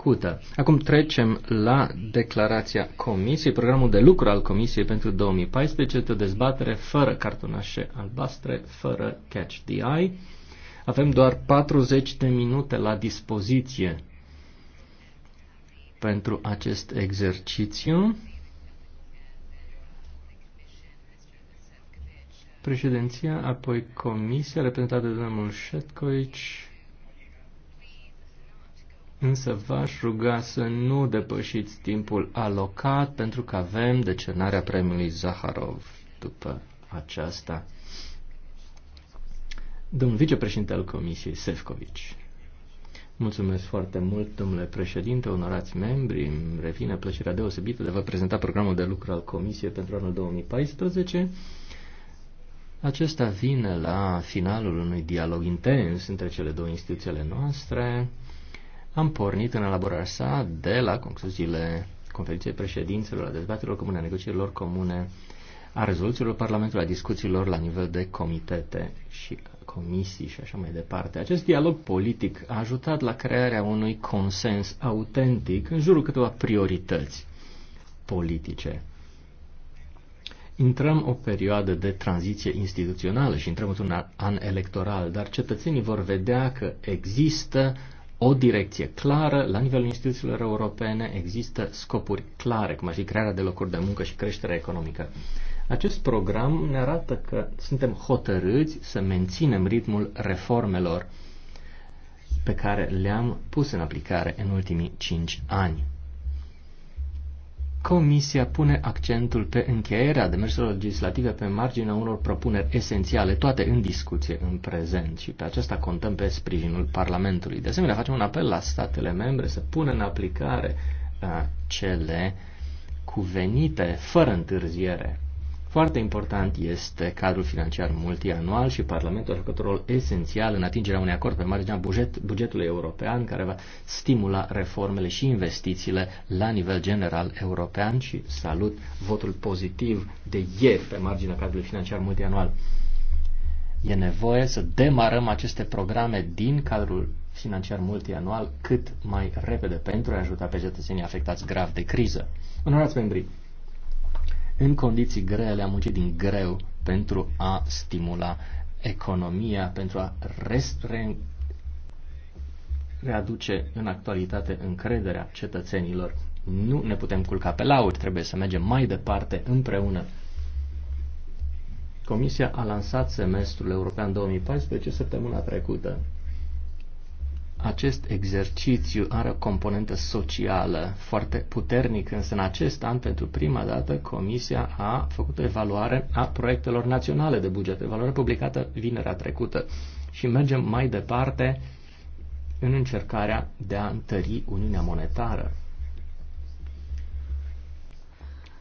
trecută. Acum trecem la declarația Comisiei, programul de lucru al Comisiei pentru 2014, este o dezbatere fără cartonașe albastre, fără catch the eye. Avem doar 40 de minute la dispoziție pentru acest exercițiu. Președinția, apoi Comisia, reprezentată de domnul Șetcoici, însă v-aș ruga să nu depășiți timpul alocat pentru că avem decernarea premiului Zaharov după aceasta. Domnul vicepreședinte al Comisiei, Sefcovici. Mulțumesc foarte mult, domnule președinte, onorați membri. Îmi revine plăcerea deosebită de a vă prezenta programul de lucru al Comisiei pentru anul 2014. Acesta vine la finalul unui dialog intens între cele două instituții ale noastre am pornit în elaborarea sa de la concluziile conferinței președinților, la dezbaterilor comune, a negocierilor comune, a rezoluțiilor Parlamentului, a discuțiilor la nivel de comitete și comisii și așa mai departe. Acest dialog politic a ajutat la crearea unui consens autentic în jurul câteva priorități politice. Intrăm o perioadă de tranziție instituțională și intrăm într-un an electoral, dar cetățenii vor vedea că există o direcție clară la nivelul instituțiilor europene, există scopuri clare, cum ar fi crearea de locuri de muncă și creșterea economică. Acest program ne arată că suntem hotărâți să menținem ritmul reformelor pe care le-am pus în aplicare în ultimii 5 ani. Comisia pune accentul pe încheierea demersurilor legislative pe marginea unor propuneri esențiale, toate în discuție în prezent și pe aceasta contăm pe sprijinul Parlamentului. De asemenea, facem un apel la statele membre să pună în aplicare uh, cele cuvenite fără întârziere. Foarte important este cadrul financiar multianual și Parlamentul a jucat un rol esențial în atingerea unui acord pe marginea buget, bugetului european care va stimula reformele și investițiile la nivel general european și salut votul pozitiv de ieri pe marginea cadrului financiar multianual. E nevoie să demarăm aceste programe din cadrul financiar multianual cât mai repede pentru a ajuta pe cetățenii afectați grav de criză. Onorați membrii, în condiții grele, a muncit din greu pentru a stimula economia, pentru a restre- readuce în actualitate încrederea cetățenilor. Nu ne putem culca pe lauri, trebuie să mergem mai departe împreună. Comisia a lansat semestrul european 2014 săptămâna trecută acest exercițiu are o componentă socială foarte puternică, însă în acest an, pentru prima dată, Comisia a făcut o evaluare a proiectelor naționale de buget, evaluare publicată vinerea trecută. Și mergem mai departe în încercarea de a întări Uniunea Monetară.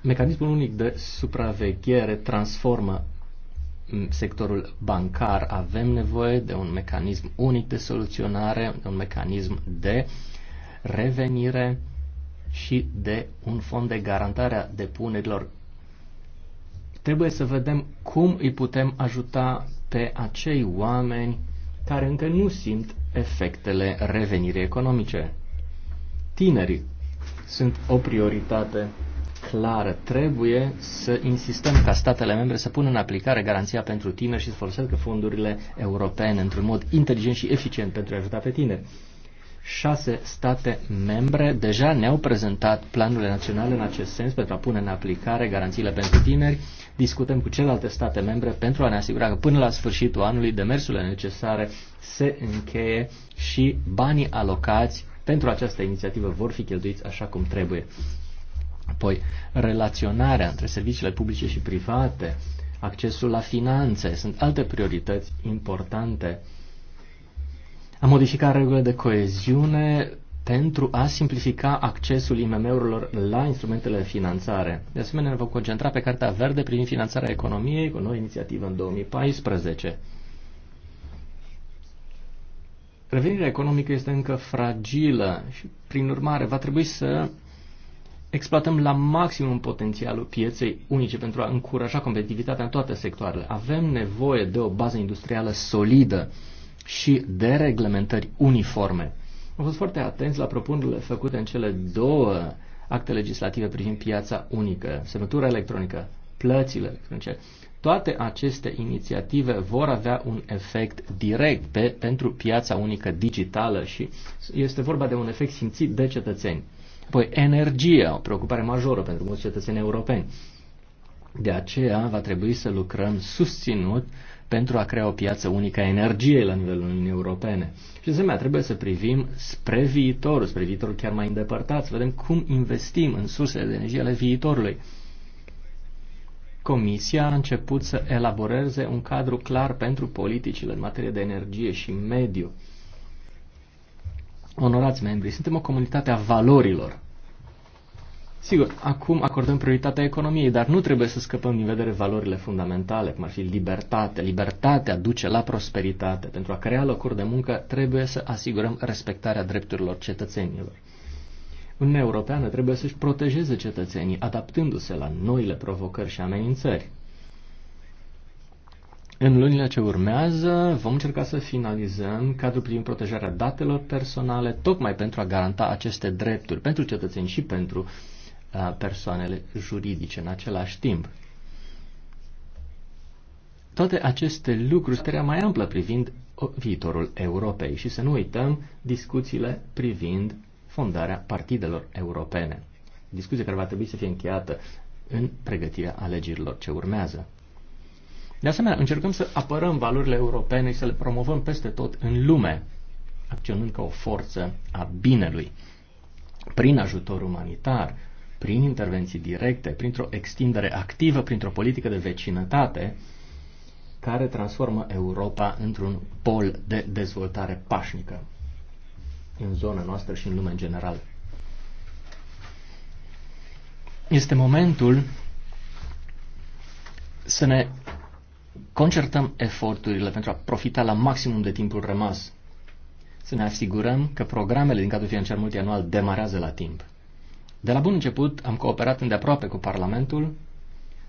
Mecanismul unic de supraveghere transformă sectorul bancar avem nevoie de un mecanism unic de soluționare, de un mecanism de revenire și de un fond de garantare a depunerilor. Trebuie să vedem cum îi putem ajuta pe acei oameni care încă nu simt efectele revenirii economice. Tinerii sunt o prioritate clară. Trebuie să insistăm ca statele membre să pună în aplicare garanția pentru tineri și să folosească fondurile europene într-un mod inteligent și eficient pentru a ajuta pe tineri. Șase state membre deja ne-au prezentat planurile naționale în acest sens pentru a pune în aplicare garanțiile pentru tineri. Discutăm cu celelalte state membre pentru a ne asigura că până la sfârșitul anului demersurile necesare se încheie și banii alocați pentru această inițiativă vor fi cheltuiți așa cum trebuie. Apoi, relaționarea între serviciile publice și private, accesul la finanțe, sunt alte priorități importante. A modifica regulile de coeziune pentru a simplifica accesul IMM-urilor la instrumentele de finanțare. De asemenea, ne vom concentra pe Cartea Verde privind finanțarea economiei, cu o nouă inițiativă în 2014. Revenirea economică este încă fragilă și, prin urmare, va trebui să exploatăm la maximum potențialul pieței unice pentru a încuraja competitivitatea în toate sectoarele. Avem nevoie de o bază industrială solidă și de reglementări uniforme. Am fost foarte atenți la propunerile făcute în cele două acte legislative privind piața unică, semnătura electronică, plățile electronice. Toate aceste inițiative vor avea un efect direct pe, pentru piața unică digitală și este vorba de un efect simțit de cetățeni. Apoi energia, o preocupare majoră pentru mulți cetățeni europeni. De aceea va trebui să lucrăm susținut pentru a crea o piață unică a energiei la nivelul Uniunii Europene. Și de asemenea trebuie să privim spre viitor, spre viitorul chiar mai îndepărtat, să vedem cum investim în sursele de energie ale viitorului. Comisia a început să elaboreze un cadru clar pentru politicile în materie de energie și mediu. Onorați membri, suntem o comunitate a valorilor. Sigur, acum acordăm prioritatea economiei, dar nu trebuie să scăpăm din vedere valorile fundamentale, cum ar fi libertate. Libertatea duce la prosperitate. Pentru a crea locuri de muncă, trebuie să asigurăm respectarea drepturilor cetățenilor. Uniunea Europeană trebuie să-și protejeze cetățenii, adaptându-se la noile provocări și amenințări. În lunile ce urmează vom încerca să finalizăm cadrul privind protejarea datelor personale, tocmai pentru a garanta aceste drepturi pentru cetățeni și pentru uh, persoanele juridice în același timp. Toate aceste lucruri, sunt mai amplă privind viitorul Europei și să nu uităm discuțiile privind fondarea partidelor europene. Discuție care va trebui să fie încheiată în pregătirea alegerilor ce urmează. De asemenea, încercăm să apărăm valorile europene și să le promovăm peste tot în lume, acționând ca o forță a binelui, prin ajutor umanitar, prin intervenții directe, printr-o extindere activă, printr-o politică de vecinătate, care transformă Europa într-un pol de dezvoltare pașnică în zona noastră și în lume în general. Este momentul să ne concertăm eforturile pentru a profita la maximum de timpul rămas, să ne asigurăm că programele din cadrul financiar multianual demarează la timp. De la bun început am cooperat îndeaproape cu Parlamentul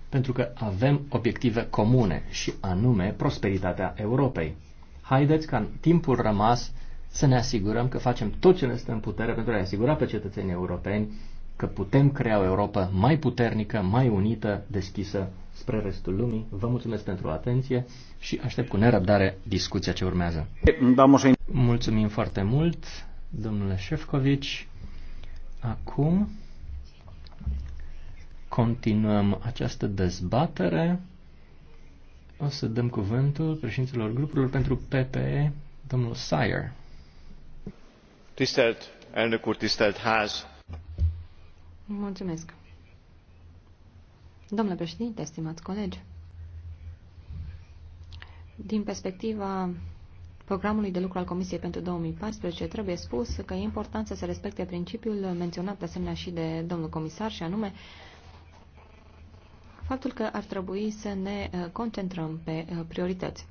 pentru că avem obiective comune și anume prosperitatea Europei. Haideți ca în timpul rămas să ne asigurăm că facem tot ce ne stă în putere pentru a asigura pe cetățenii europeni că putem crea o Europa mai puternică, mai unită, deschisă spre restul lumii. Vă mulțumesc pentru atenție și aștept cu nerăbdare discuția ce urmează. Mulțumim foarte mult, domnule Șefcovici. Acum continuăm această dezbatere. O să dăm cuvântul președinților grupurilor pentru PPE, domnul Sayer. Tisztelt elnök úr, tisztelt ház! Mulțumesc! Domnule președinte, stimați colegi, din perspectiva programului de lucru al Comisiei pentru 2014, trebuie spus că e important să se respecte principiul menționat de asemenea și de domnul comisar, și anume faptul că ar trebui să ne uh, concentrăm pe uh, priorități.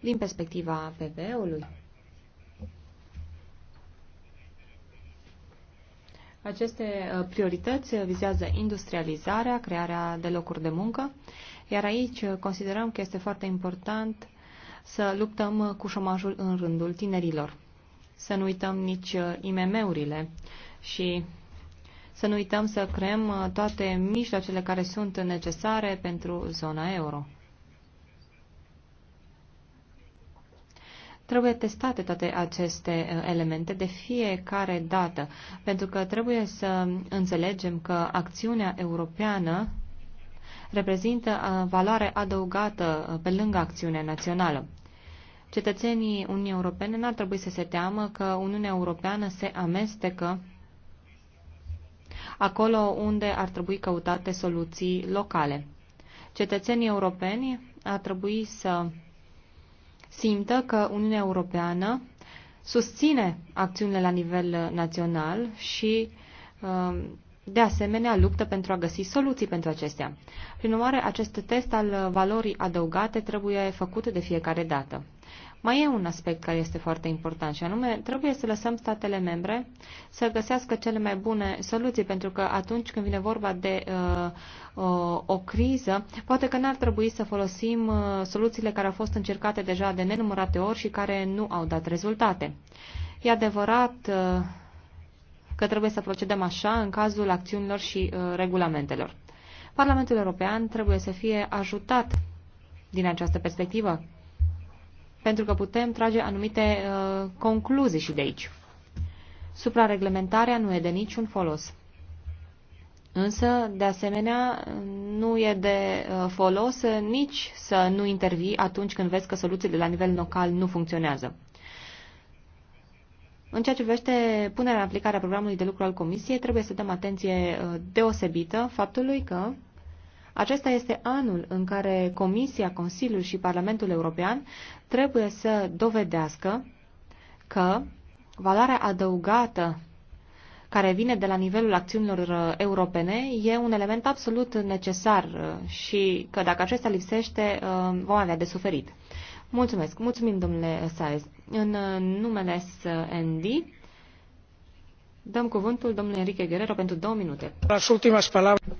Din perspectiva PV-ului, Aceste uh, priorități vizează industrializarea, crearea de locuri de muncă, iar aici uh, considerăm că este foarte important să luptăm uh, cu șomajul în rândul tinerilor. Să nu uităm nici IMM-urile și să nu uităm să creăm toate mijloacele care sunt necesare pentru zona euro. Trebuie testate toate aceste uh, elemente de fiecare dată, pentru că trebuie să înțelegem că acțiunea europeană reprezintă uh, valoare adăugată uh, pe lângă acțiunea națională. Cetățenii Uniunii Europene n-ar trebui să se teamă că Uniunea Europeană se amestecă acolo unde ar trebui căutate soluții locale. Cetățenii europeni ar trebui să simtă că Uniunea Europeană susține acțiunile la nivel uh, național și um, de asemenea luptă pentru a găsi soluții pentru acestea. Prin urmare, acest test al uh, valorii adăugate trebuie făcut de fiecare dată. Mai e un aspect care este foarte important și anume trebuie să lăsăm statele membre să găsească cele mai bune soluții, pentru că atunci când vine vorba de uh, uh, o criză, poate că n-ar trebui să folosim uh, soluțiile care au fost încercate deja de nenumărate ori și care nu au dat rezultate. E adevărat uh, că trebuie să procedăm așa în cazul acțiunilor și uh, regulamentelor. Parlamentul European trebuie să fie ajutat din această perspectivă pentru că putem trage anumite uh, concluzii și de aici. Suprareglementarea nu e de niciun folos. Însă, de asemenea, nu e de uh, folos nici să nu intervii atunci când vezi că soluțiile la nivel local nu funcționează. În ceea ce privește punerea în aplicare a programului de lucru al Comisiei, trebuie să dăm atenție uh, deosebită faptului că acesta este anul în care Comisia, Consiliul și Parlamentul European trebuie să dovedească că valoarea adăugată care vine de la nivelul acțiunilor uh, europene e un element absolut necesar uh, și că dacă acesta lipsește, uh, vom avea de suferit. Mulțumesc. Mulțumim, domnule Saez. În numele SND, Dăm cuvântul domnului Enrique Guerrero pentru două minute.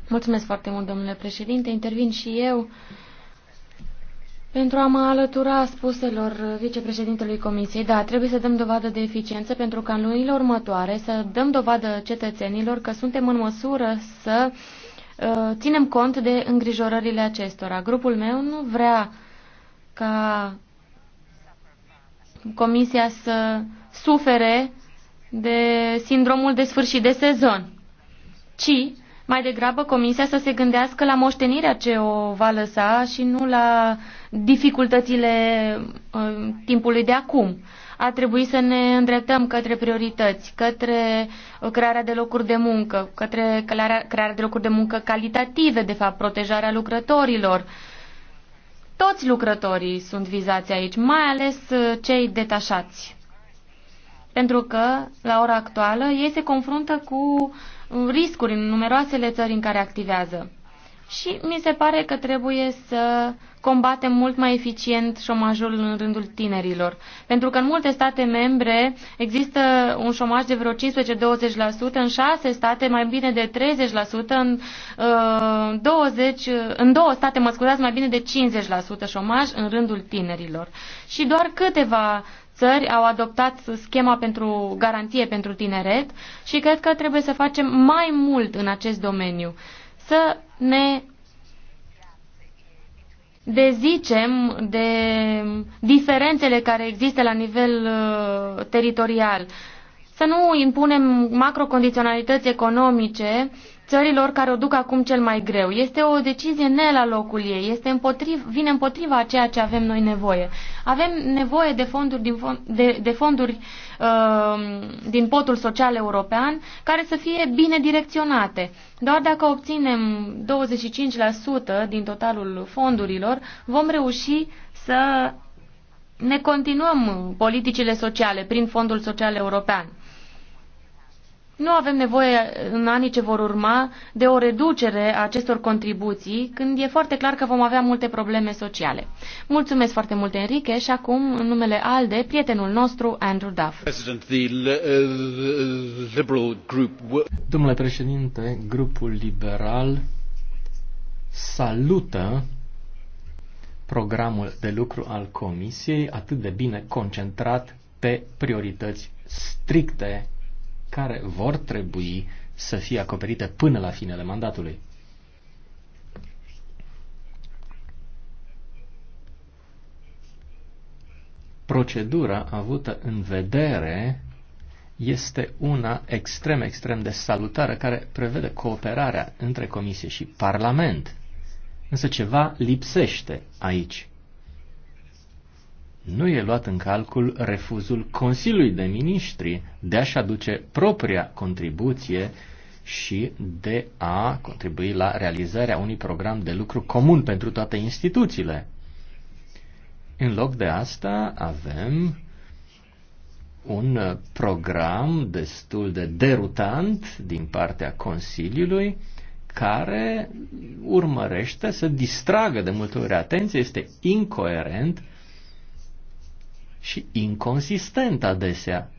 Mulțumesc foarte mult, domnule președinte. Intervin și eu pentru a mă alătura spuselor vicepreședintelui Comisiei. Da, trebuie să dăm dovadă de eficiență pentru ca în lunile următoare să dăm dovadă cetățenilor că suntem în măsură să uh, ținem cont de îngrijorările acestora. Grupul meu nu vrea ca Comisia să sufere de sindromul de sfârșit de sezon, ci mai degrabă comisia să se gândească la moștenirea ce o va lăsa și nu la dificultățile uh, timpului de acum. A trebuit să ne îndreptăm către priorități, către uh, crearea de locuri de muncă, către crearea de locuri de muncă calitative, de fapt, protejarea lucrătorilor. Toți lucrătorii sunt vizați aici, mai ales uh, cei detașați pentru că, la ora actuală, ei se confruntă cu riscuri în numeroasele țări în care activează. Și mi se pare că trebuie să combatem mult mai eficient șomajul în rândul tinerilor. Pentru că în multe state membre există un șomaj de vreo 15-20%, în 6 state mai bine de 30%, în, uh, 20, în două state, mă scuzați, mai bine de 50% șomaj în rândul tinerilor. Și doar câteva țări au adoptat schema pentru garanție pentru tineret și cred că trebuie să facem mai mult în acest domeniu. Să ne dezicem de diferențele care există la nivel uh, teritorial să nu impunem macrocondiționalități economice țărilor care o duc acum cel mai greu. Este o decizie ne la locul ei, este împotriv, vine împotriva a ceea ce avem noi nevoie. Avem nevoie de fonduri, din, fond, de, de fonduri uh, din potul social european care să fie bine direcționate. Doar dacă obținem 25% din totalul fondurilor, vom reuși să ne continuăm politicile sociale prin Fondul Social European. Nu avem nevoie în anii ce vor urma de o reducere a acestor contribuții, când e foarte clar că vom avea multe probleme sociale. Mulțumesc foarte mult, Enrique, și acum, în numele ALDE, prietenul nostru, Andrew Duff. Uh, Domnule președinte, grupul liberal salută programul de lucru al Comisiei, atât de bine concentrat pe priorități stricte care vor trebui să fie acoperite până la finele mandatului. Procedura avută în vedere este una extrem, extrem de salutară care prevede cooperarea între Comisie și Parlament. Însă ceva lipsește aici nu e luat în calcul refuzul Consiliului de Ministri de a-și aduce propria contribuție și de a contribui la realizarea unui program de lucru comun pentru toate instituțiile. În loc de asta avem un program destul de derutant din partea Consiliului care urmărește să distragă de multe ori atenție, este incoerent și inconsistent adesea.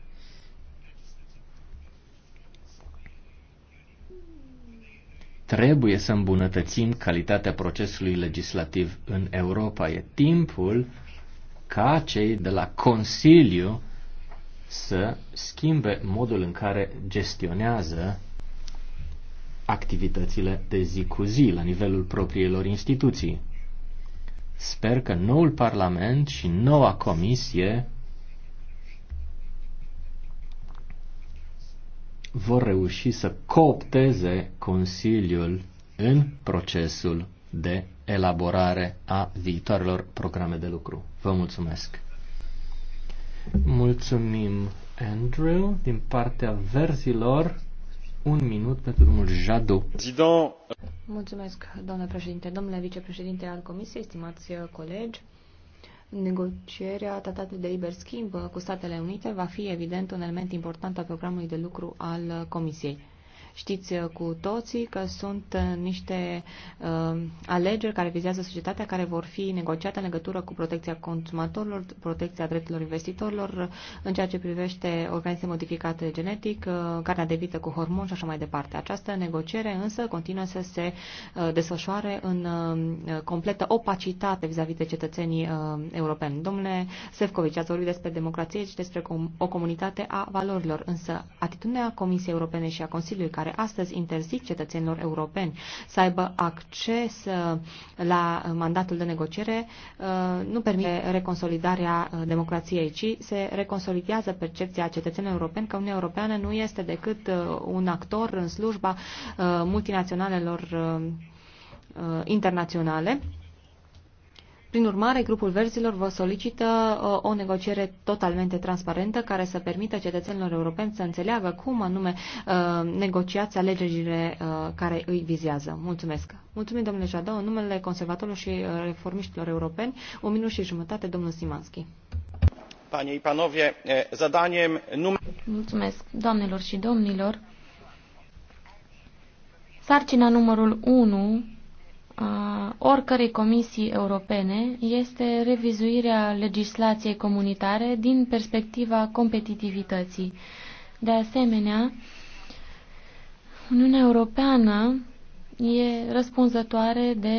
Trebuie să îmbunătățim calitatea procesului legislativ în Europa. E timpul ca cei de la Consiliu să schimbe modul în care gestionează activitățile de zi cu zi la nivelul propriilor instituții. Sper că noul Parlament și noua Comisie vor reuși să coopteze Consiliul în procesul de elaborare a viitoarelor programe de lucru. Vă mulțumesc! Mulțumim, Andrew, din partea verzilor. Un minut pentru domnul Jadot. Mulțumesc, domnule președinte, domnule vicepreședinte al Comisiei, estimați colegi. Negocierea tratatului de liber schimb cu Statele Unite va fi evident un element important al programului de lucru al Comisiei. Știți uh, cu toții că sunt uh, niște uh, alegeri care vizează societatea, care vor fi negociate în legătură cu protecția consumatorilor, protecția drepturilor investitorilor, în ceea ce privește organisme modificate genetic, uh, carnea de vită cu hormon și așa mai departe. Această negociere însă continuă să se uh, desfășoare în uh, completă opacitate vis-a-vis -vis de cetățenii uh, europeni. Domnule Sefcovici, ați vorbit despre democrație și despre com- o comunitate a valorilor, însă atitudinea Comisiei Europene și a Consiliului care care astăzi interzic cetățenilor europeni să aibă acces uh, la mandatul de negociere uh, nu permite reconsolidarea uh, democrației, ci se reconsolidează percepția cetățenilor europeni că Uniunea Europeană nu este decât un actor în slujba multinaționalelor internaționale prin urmare, grupul verzilor vă solicită uh, o negociere totalmente transparentă care să permită cetățenilor europeni să înțeleagă cum anume uh, negociați alegerile uh, care îi vizează. Mulțumesc! Mulțumim, domnule Jadot, în numele conservatorilor și reformiștilor europeni, o minut și jumătate, domnul Simanski. Panie i panowie, zadaniem numer... Mulțumesc, doamnelor și domnilor. Sarcina numărul 1 a oricărei comisii europene este revizuirea legislației comunitare din perspectiva competitivității. De asemenea, Uniunea Europeană e răspunzătoare de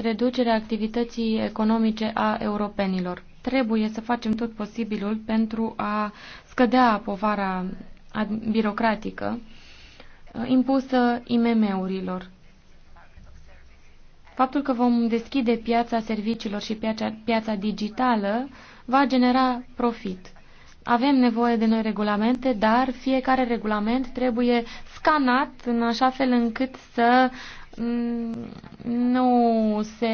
reducerea activității economice a europenilor. Trebuie să facem tot posibilul pentru a scădea povara birocratică impusă IMM-urilor. Faptul că vom deschide piața serviciilor și piața, piața digitală va genera profit. Avem nevoie de noi regulamente, dar fiecare regulament trebuie scanat în așa fel încât să mm, nu se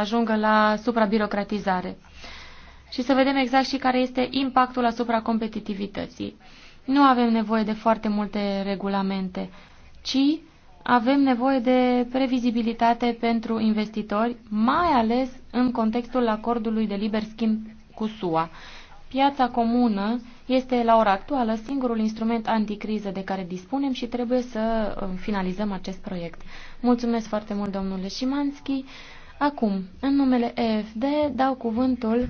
ajungă la suprabirocratizare. Și să vedem exact și care este impactul asupra competitivității. Nu avem nevoie de foarte multe regulamente, ci avem nevoie de previzibilitate pentru investitori, mai ales în contextul acordului de liber schimb cu SUA. Piața comună este la ora actuală singurul instrument anticriză de care dispunem și trebuie să um, finalizăm acest proiect. Mulțumesc foarte mult, domnule Șimanski. Acum, în numele EFD, dau cuvântul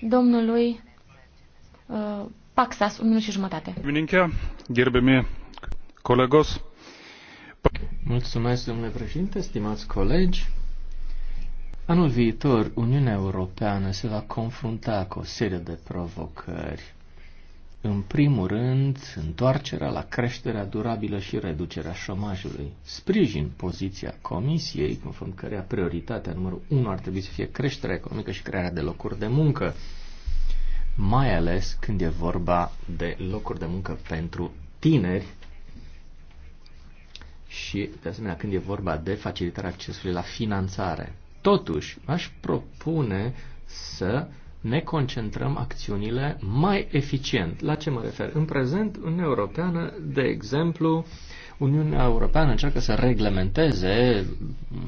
domnului uh, Paxas, un minut și jumătate. Gerbiami colegos, Mulțumesc, domnule președinte, stimați colegi. Anul viitor, Uniunea Europeană se va confrunta cu o serie de provocări. În primul rând, întoarcerea la creșterea durabilă și reducerea șomajului. Sprijin poziția Comisiei, conform cărea prioritatea numărul 1 ar trebui să fie creșterea economică și crearea de locuri de muncă, mai ales când e vorba de locuri de muncă pentru tineri și, de asemenea, când e vorba de facilitarea accesului la finanțare. Totuși, aș propune să ne concentrăm acțiunile mai eficient. La ce mă refer? În prezent, Uniunea Europeană, de exemplu, Uniunea Europeană încearcă să reglementeze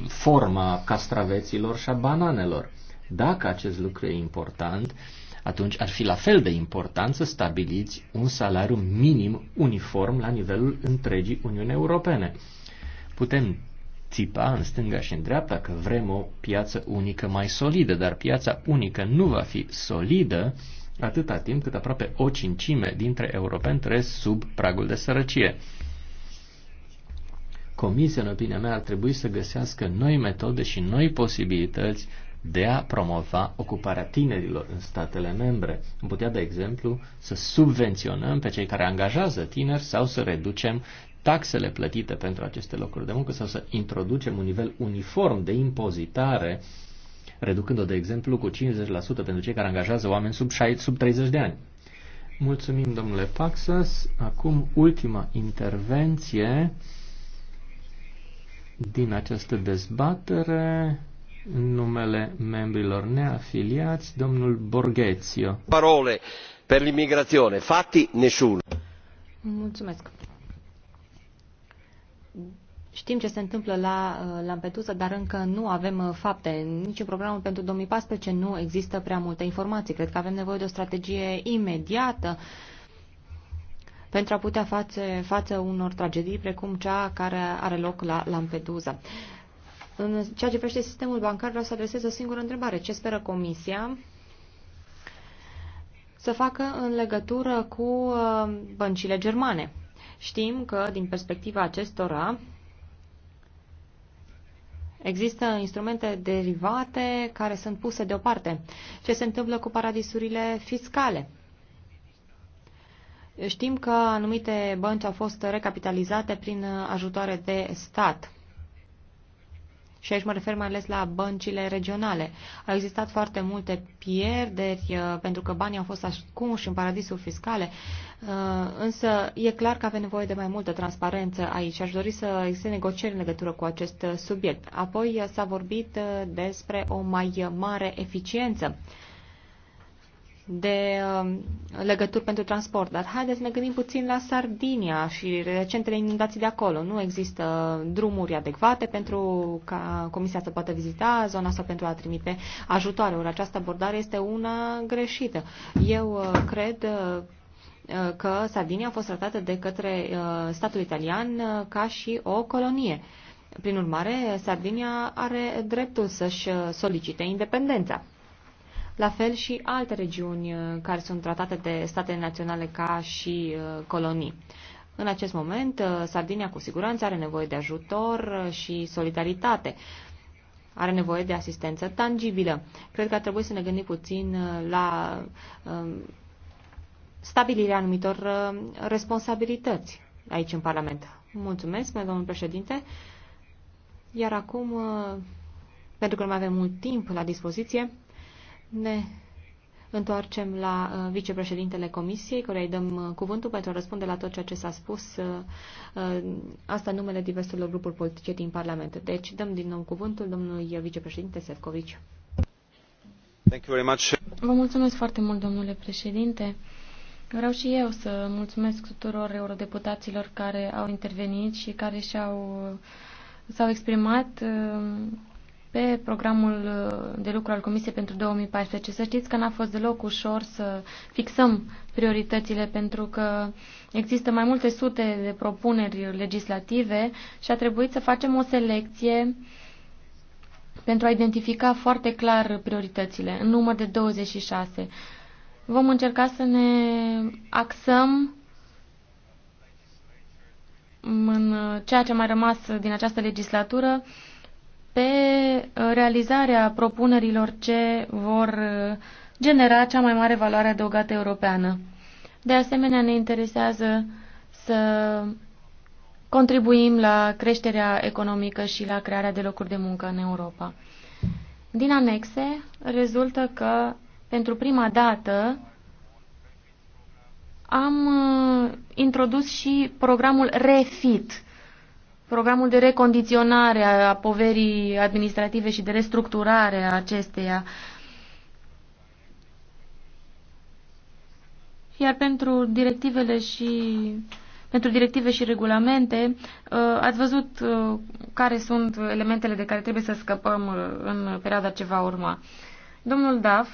forma castraveților și a bananelor. Dacă acest lucru e important, atunci ar fi la fel de important să stabiliți un salariu minim uniform la nivelul întregii Uniunii Europene. Putem țipa în stânga și în dreapta că vrem o piață unică mai solidă, dar piața unică nu va fi solidă atâta timp cât aproape o cincime dintre europeni trăiesc sub pragul de sărăcie. Comisia, în opinia mea, ar trebui să găsească noi metode și noi posibilități de a promova ocuparea tinerilor în statele membre. Am putea, de exemplu, să subvenționăm pe cei care angajează tineri sau să reducem taxele plătite pentru aceste locuri de muncă sau să introducem un nivel uniform de impozitare, reducând-o, de exemplu, cu 50% pentru cei care angajează oameni sub, 60, sub 30 de ani. Mulțumim, domnule Paxas. Acum, ultima intervenție din această dezbatere în numele membrilor neafiliați, domnul Borghețio. Parole per l'immigrazione, fatti nessuno. Mulțumesc. Știm ce se întâmplă la uh, Lampedusa, dar încă nu avem uh, fapte. Nici în programul pentru 2014 nu există prea multe informații. Cred că avem nevoie de o strategie imediată pentru a putea face față unor tragedii precum cea care are loc la Lampedusa. În ceea ce privește sistemul bancar, vreau să adresez o singură întrebare. Ce speră Comisia să facă în legătură cu uh, băncile germane? Știm că, din perspectiva acestora, Există instrumente derivate care sunt puse deoparte. Ce se întâmplă cu paradisurile fiscale? Știm că anumite bănci au fost recapitalizate prin ajutoare de stat și aici mă refer mai ales la băncile regionale. Au existat foarte multe pierderi uh, pentru că banii au fost ascunși în paradisuri fiscale, uh, însă e clar că avem nevoie de mai multă transparență aici. Aș dori să existe negocieri în legătură cu acest uh, subiect. Apoi s-a vorbit despre o mai mare eficiență de um, legături pentru transport. Dar haideți să ne gândim puțin la Sardinia și recentele inundații de acolo. Nu există drumuri adecvate pentru ca Comisia să poată vizita zona sau pentru a trimite ajutoare. Ori această abordare este una greșită. Eu uh, cred uh, că Sardinia a fost tratată de către uh, statul italian ca și o colonie. Prin urmare, Sardinia are dreptul să-și solicite independența la fel și alte regiuni uh, care sunt tratate de state naționale ca și uh, colonii. În acest moment, uh, Sardinia cu siguranță are nevoie de ajutor și solidaritate. Are nevoie de asistență tangibilă. Cred că ar trebui să ne gândim puțin la um, stabilirea anumitor responsabilități aici în Parlament. Mulțumesc, domnul președinte. Iar acum, pentru că nu mai avem mult timp la dispoziție, ne întoarcem la uh, vicepreședintele Comisiei, care îi dăm uh, cuvântul pentru a răspunde la tot ceea ce s-a spus, uh, asta în numele diverselor grupuri politice din Parlament. Deci dăm din nou cuvântul domnului vicepreședinte Sefcovici. Thank you very much. Vă mulțumesc foarte mult, domnule președinte. Vreau și eu să mulțumesc tuturor eurodeputaților care au intervenit și care și-au s-au exprimat pe programul uh, de lucru al Comisiei pentru 2014. Să știți că n-a fost deloc ușor să fixăm prioritățile pentru că există mai multe sute de propuneri legislative și a trebuit să facem o selecție pentru a identifica foarte clar prioritățile, în număr de 26. Vom încerca să ne axăm în uh, ceea ce a mai rămas din această legislatură pe uh, realizarea propunerilor ce vor uh, genera cea mai mare valoare adăugată europeană. De asemenea, ne interesează să contribuim la creșterea economică și la crearea de locuri de muncă în Europa. Din anexe rezultă că pentru prima dată am uh, introdus și programul REFIT, programul de recondiționare a poverii administrative și de restructurare a acesteia. Iar pentru directivele și pentru directive și regulamente, uh, ați văzut uh, care sunt elementele de care trebuie să scăpăm uh, în perioada ce va urma. Domnul Daf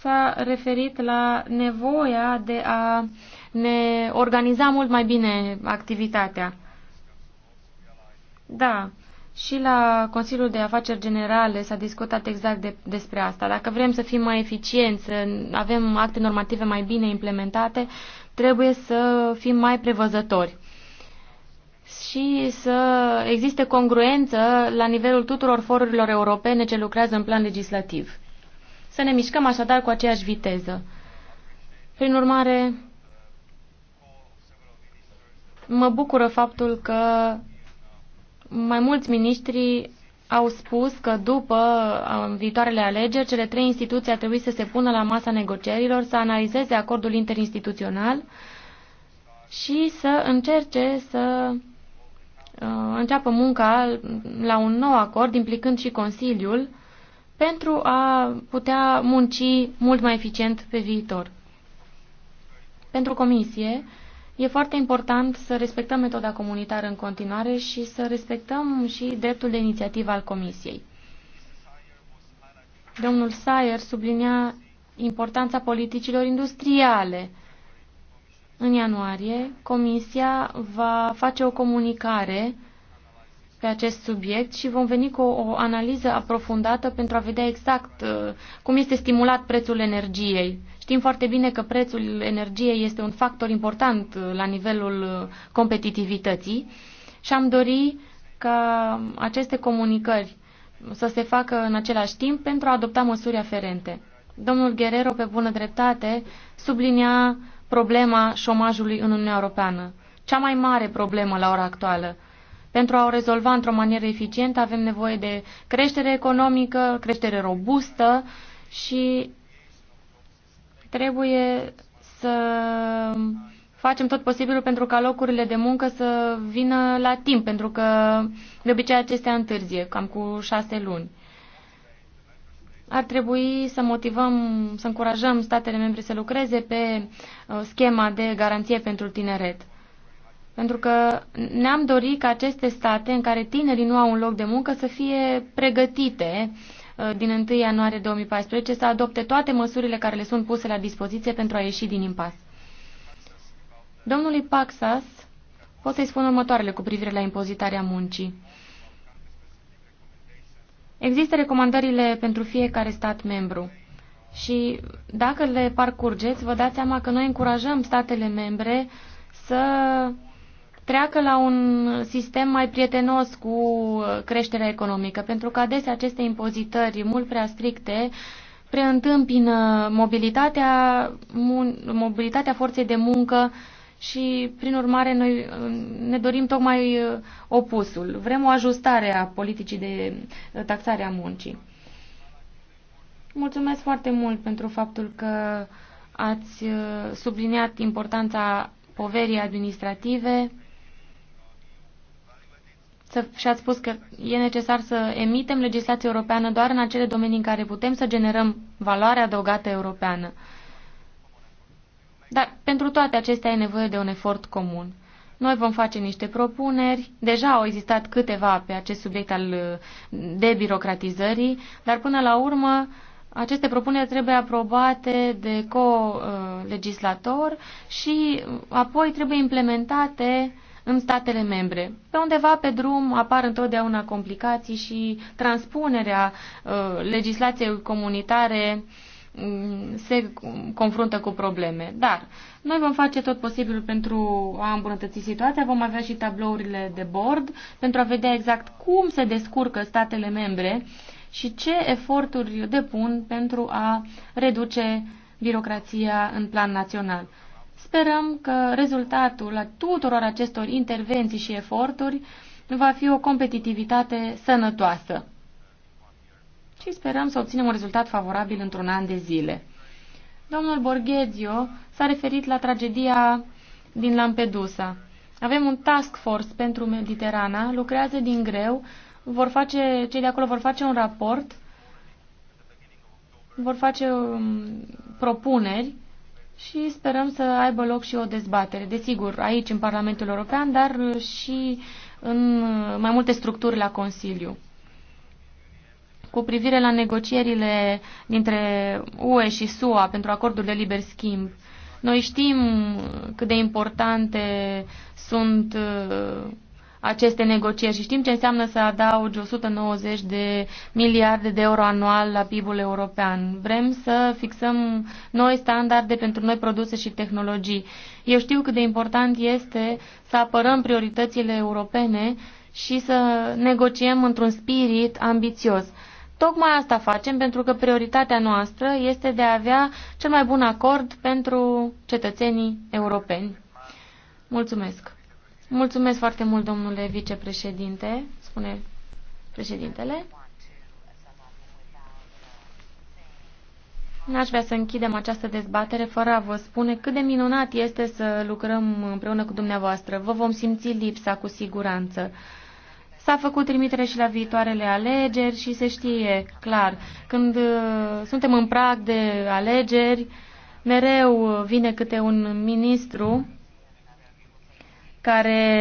s-a referit la nevoia de a uh, ne organiza mult mai bine activitatea. Da, și la Consiliul de Afaceri Generale s-a discutat exact de, despre asta. Dacă vrem să fim mai eficienți, să avem acte normative mai bine implementate, trebuie să fim mai prevăzători și să existe congruență la nivelul tuturor forurilor europene ce lucrează în plan legislativ. Să ne mișcăm așadar cu aceeași viteză. Prin urmare, Mă bucură faptul că mai mulți miniștri au spus că după um, viitoarele alegeri, cele trei instituții ar trebui să se pună la masa negocierilor, să analizeze acordul interinstituțional și să încerce să uh, înceapă munca la un nou acord, implicând și Consiliul, pentru a putea munci mult mai eficient pe viitor. Pentru Comisie, E foarte important să respectăm metoda comunitară în continuare și să respectăm și dreptul de inițiativă al Comisiei. Domnul Sayer sublinia importanța politicilor industriale. În ianuarie, Comisia va face o comunicare pe acest subiect și vom veni cu o analiză aprofundată pentru a vedea exact uh, cum este stimulat prețul energiei. Știm foarte bine că prețul energiei este un factor important uh, la nivelul uh, competitivității și am dori ca aceste comunicări să se facă în același timp pentru a adopta măsuri aferente. Domnul Guerrero, pe bună dreptate, sublinia problema șomajului în Uniunea Europeană, cea mai mare problemă la ora actuală. Pentru a o rezolva într-o manieră eficientă avem nevoie de creștere economică, creștere robustă și Trebuie să facem tot posibilul pentru ca locurile de muncă să vină la timp, pentru că de obicei acestea întârzie, cam cu șase luni. Ar trebui să motivăm, să încurajăm statele membre să lucreze pe uh, schema de garanție pentru tineret. Pentru că ne-am dorit ca aceste state în care tinerii nu au un loc de muncă să fie pregătite uh, Uh, din 1 ianuarie 2014 să adopte toate măsurile care le sunt puse la dispoziție pentru a ieși din impas. Domnului Paxas pot să-i spun următoarele cu privire la impozitarea muncii. Există recomandările pentru fiecare stat membru și dacă le parcurgeți, vă dați seama că noi încurajăm statele membre să treacă la un sistem mai prietenos cu creșterea economică, pentru că adesea aceste impozitări mult prea stricte preîntâmpină mobilitatea, mobilitatea forței de muncă și, prin urmare, noi ne dorim tocmai opusul. Vrem o ajustare a politicii de taxare a muncii. Mulțumesc foarte mult pentru faptul că ați subliniat importanța poverii administrative să, și ați spus că e necesar să emitem legislație europeană doar în acele domenii în care putem să generăm valoare adăugată europeană. Dar pentru toate acestea e nevoie de un efort comun. Noi vom face niște propuneri, deja au existat câteva pe acest subiect al uh, debirocratizării, dar până la urmă aceste propuneri trebuie aprobate de co-legislator uh, și uh, apoi trebuie implementate uh, în statele membre. Pe undeva pe drum apar întotdeauna complicații și transpunerea uh, legislației comunitare mm, se confruntă cu probleme. Dar noi vom face tot posibilul pentru a îmbunătăți situația, vom avea și tablourile de bord pentru a vedea exact cum se descurcă statele membre și ce eforturi depun pentru a reduce birocrația în plan național. Sperăm că rezultatul a tuturor acestor intervenții și eforturi va fi o competitivitate sănătoasă și sperăm să obținem un rezultat favorabil într-un an de zile. Domnul Borghezio s-a referit la tragedia din Lampedusa. Avem un task force pentru Mediterana, lucrează din greu, vor face, cei de acolo vor face un raport, vor face um, propuneri și sperăm să aibă loc și o dezbatere, desigur, aici în Parlamentul European, dar și în mai multe structuri la Consiliu. Cu privire la negocierile dintre UE și SUA pentru acordul de liber schimb, noi știm cât de importante sunt uh, aceste negocieri și știm ce înseamnă să adaugi 190 de miliarde de euro anual la PIB-ul european. Vrem să fixăm noi standarde pentru noi produse și tehnologii. Eu știu cât de important este să apărăm prioritățile europene și să negociem într-un spirit ambițios. Tocmai asta facem pentru că prioritatea noastră este de a avea cel mai bun acord pentru cetățenii europeni. Mulțumesc! Mulțumesc foarte mult, domnule vicepreședinte, spune președintele. N-aș vrea să închidem această dezbatere fără a vă spune cât de minunat este să lucrăm împreună cu dumneavoastră. Vă vom simți lipsa cu siguranță. S-a făcut trimitere și la viitoarele alegeri și se știe clar. Când uh, suntem în prag de alegeri, mereu vine câte un ministru care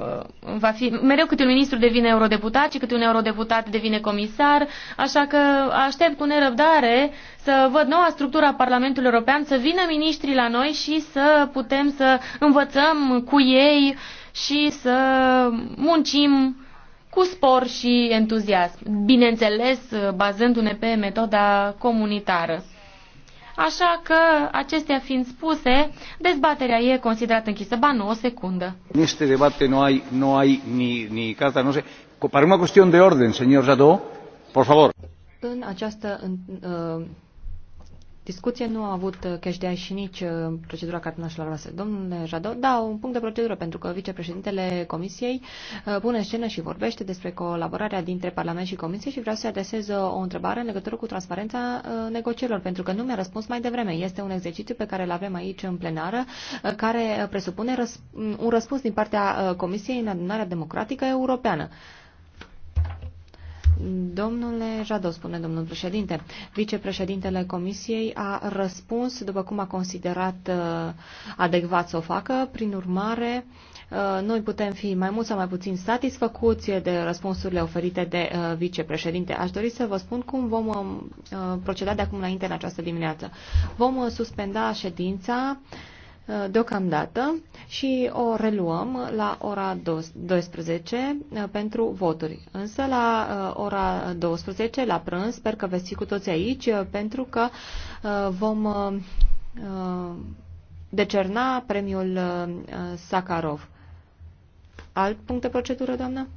uh, va fi... Mereu câte un ministru devine eurodeputat și câte un eurodeputat devine comisar, așa că aștept cu nerăbdare să văd noua structură a Parlamentului European, să vină miniștrii la noi și să putem să învățăm cu ei și să muncim cu spor și entuziasm, bineînțeles bazându-ne pe metoda comunitară. Așa că, acestea fiind spuse, dezbaterea e considerată închisă. Ba nu, o secundă. În este debate nu ai, nu ai ni, ni carta, nu se... Para o cuestión de ordine, señor Jadot, por favor. În această în, uh discuție. Nu a avut uh, cash și nici uh, procedura cartonașilor roase. Domnule Jadot, da, un punct de procedură, pentru că vicepreședintele Comisiei uh, pune scenă și vorbește despre colaborarea dintre Parlament și Comisie și vreau să adresez o întrebare în legătură cu transparența negocierilor, pentru că nu mi-a răspuns mai devreme. Este un exercițiu pe care îl avem aici în plenară, care presupune un răspuns din partea Comisiei în adunarea democratică europeană. Domnule Jado, spune domnul președinte, vicepreședintele Comisiei a răspuns după cum a considerat uh, adecvat să o facă. Prin urmare, uh, noi putem fi mai mult sau mai puțin satisfăcuți de răspunsurile oferite de uh, vicepreședinte. Aș dori să vă spun cum vom proceda de acum înainte în această dimineață. Vom suspenda ședința deocamdată și o reluăm la ora 12 uh, pentru voturi. Însă la uh, ora 12 la prânz sper că veți fi cu toți aici uh, pentru că vom decerna premiul Sakharov. Alt punct de procedură, doamnă?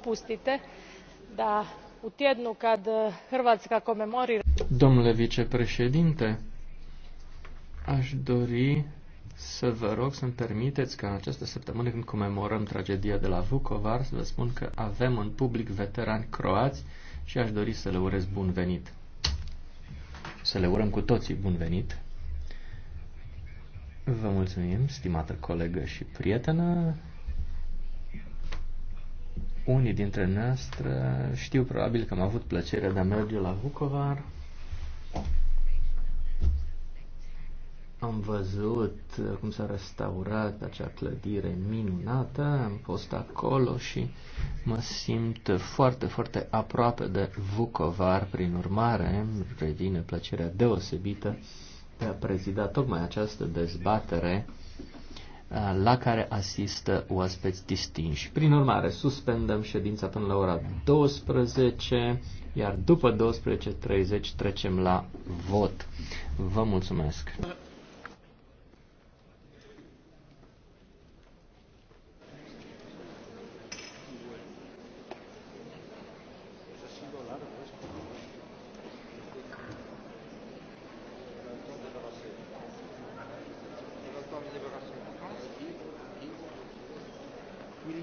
Pustite, da u tjednu kad Hrvatska komemorira... Domnule vicepreședinte, Aș dori să vă rog să-mi permiteți că în această săptămână când comemorăm tragedia de la Vukovar să vă spun că avem un public veteran croați și aș dori să le urez bun venit. Să le urăm cu toții bun venit. Vă mulțumim, stimată colegă și prietenă. Unii dintre noastre știu probabil că am avut plăcerea de a merge la Vukovar. Am văzut uh, cum s-a restaurat acea clădire minunată, am fost acolo și mă simt foarte, foarte aproape de Vucovar, prin urmare revine plăcerea deosebită de a prezida tocmai această dezbatere uh, la care asistă oaspeți distinși. Prin urmare, suspendăm ședința până la ora 12, iar după 12.30 trecem la vot. Vă mulțumesc!